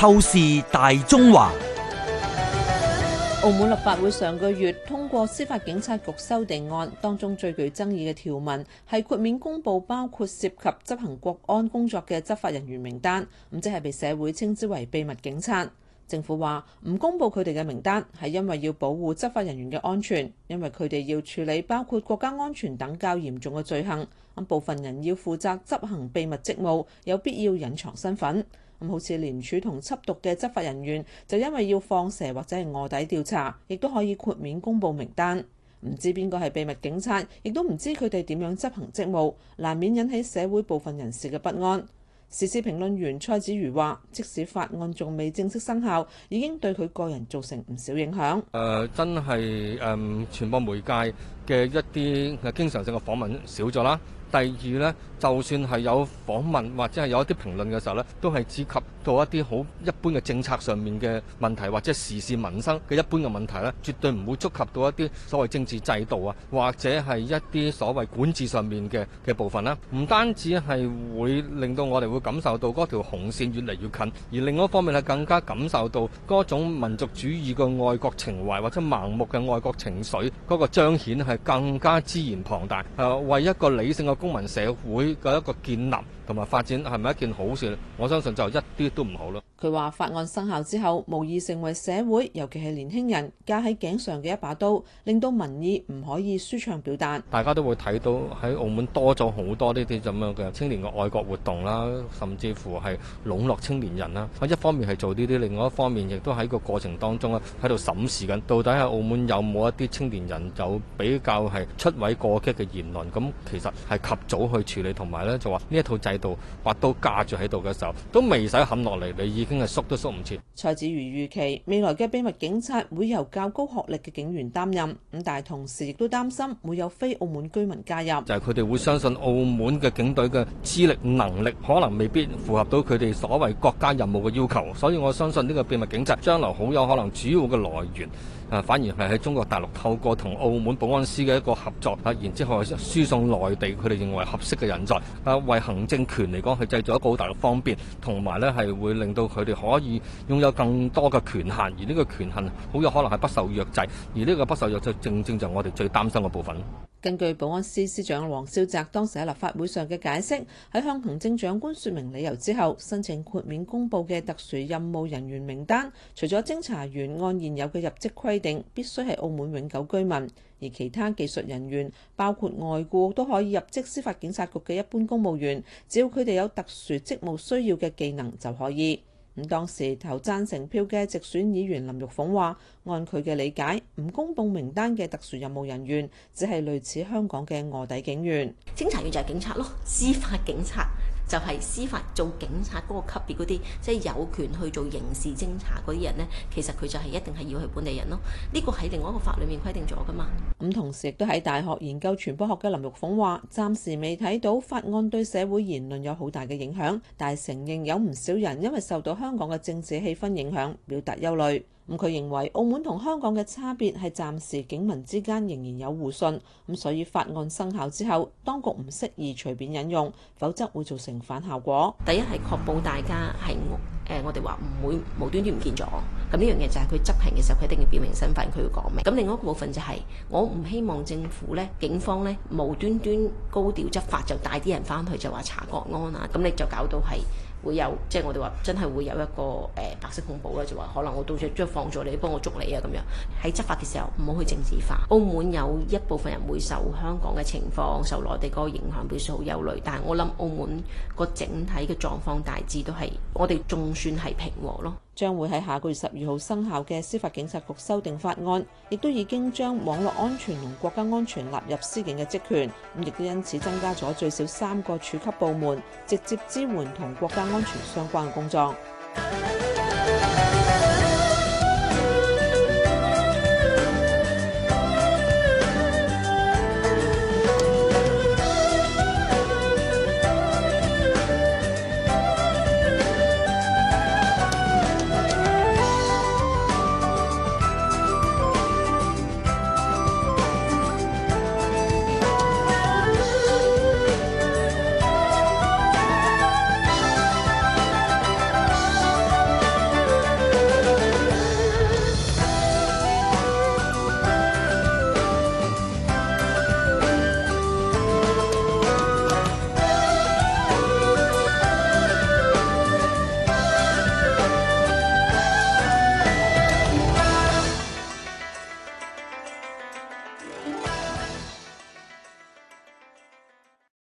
透視大中華。澳門立法會上個月通過司法警察局修訂案，當中最具爭議嘅條文係豁免公佈，包括涉及執行國安工作嘅執法人員名單。咁即係被社會稱之為秘密警察。政府話唔公佈佢哋嘅名單係因為要保護執法人員嘅安全，因為佢哋要處理包括國家安全等較嚴重嘅罪行。部分人要負責執行秘密職務，有必要隱藏身份。咁好似廉署同緝毒嘅執法人員，就因為要放蛇或者係臥底調查，亦都可以豁免公布名單。唔知邊個係秘密警察，亦都唔知佢哋點樣執行職務，難免引起社會部分人士嘅不安。時事評論員蔡子瑜話，即使法案仲未正式生效，已經對佢個人造成唔少影響。誒、呃，真係誒，呃、傳播媒介嘅一啲誒經常性嘅訪問少咗啦。第二呢，就算係有訪問或者係有一啲評論嘅時候咧，都係只及到一啲好一般嘅政策上面嘅問題或者時事民生嘅一般嘅問題咧，絕對唔會觸及到一啲所謂政治制度啊，或者係一啲所謂管治上面嘅嘅部分啦。唔單止係會令到我哋會感受到嗰條紅線越嚟越近，而另一方面係更加感受到嗰種民族主義嘅愛國情懷或者盲目嘅愛國情緒，嗰個彰顯係更加自然龐大。誒，為一個理性嘅公民社會嘅一個建立同埋發展係咪一件好事呢？我相信就一啲都唔好咯。佢話法案生效之後，無疑成為社會，尤其係年輕人架喺頸上嘅一把刀，令到民意唔可以舒暢表達。大家都會睇到喺澳門多咗好多呢啲咁樣嘅青年嘅愛國活動啦，甚至乎係籠絡青年人啦。一方面係做呢啲，另外一方面亦都喺個過程當中啊，喺度審視緊到底喺澳門有冇一啲青年人有比較係出位過激嘅言論，咁其實係及早去處理。同埋咧，就話呢一套制度，把刀架住喺度嘅時候，都未使冚落嚟，你已經係縮都縮唔切。蔡子瑜預期未來嘅秘密警察會由較高學歷嘅警員擔任，咁但係同時亦都擔心會有非澳門居民加入，就係佢哋會相信澳門嘅警隊嘅資歷能力可能未必符合到佢哋所謂國家任務嘅要求，所以我相信呢個秘密警察將來好有可能主要嘅來源。啊，反而係喺中國大陸透過同澳門保安司嘅一個合作，啊，然之後輸送內地佢哋認為合適嘅人才，啊，為行政權嚟講，係製造一個好大嘅方便，同埋咧係會令到佢哋可以擁有更多嘅權限，而呢個權限好有可能係不受約制，而呢個不受約制，正正就係我哋最擔心嘅部分。根據保安司司長黃少澤當時喺立法會上嘅解釋，喺向行政長官説明理由之後，申請豁免公佈嘅特殊任務人員名單，除咗偵查員按現有嘅入職規定必須係澳門永久居民，而其他技術人員包括外雇，都可以入職司法警察局嘅一般公務員，只要佢哋有特殊職務需要嘅技能就可以。咁，當時投贊成票嘅直選議員林玉鳳話，按佢嘅理解，唔公布名單嘅特殊任務人員，只係類似香港嘅臥底警員，偵查員就係警察咯，司法警察。就係司法做警察嗰個級別嗰啲，即係有權去做刑事偵查嗰啲人呢，其實佢就係一定係要去本地人咯。呢個喺另外一個法裡面規定咗噶嘛。咁同時亦都喺大學研究傳播學嘅林玉鳳話，暫時未睇到法案對社會言論有好大嘅影響，但係承認有唔少人因為受到香港嘅政治氣氛影響，表達憂慮。咁佢認為澳門同香港嘅差別係暫時警民之間仍然有互信，咁所以法案生效之後，當局唔適宜隨便引用，否則會造成反效果。第一係確保大家係誒，我哋話唔會無端端唔見咗，咁呢樣嘢就係佢執行嘅時候，佢一定要表明身份，佢要講明。咁另外一個部分就係、是、我唔希望政府咧、警方咧無端端高調執法，就帶啲人翻去就話查國安啊，咁你就搞到係。會有即係我哋話真係會有一個誒、呃、白色恐怖啦，就話可能我到時將放咗你，幫我捉你啊，咁樣。喺執法嘅時候，唔好去政治化。澳門有一部分人會受香港嘅情況，受內地個影響，表示好憂慮。但係我諗澳門個整體嘅狀況大致都係我哋仲算係平和咯。將會喺下個月十二號生效嘅司法警察局修訂法案，亦都已經將網絡安全同國家安全納入司警嘅職權，咁亦都因此增加咗最少三個處級部門直接支援同國家安全相關嘅工作。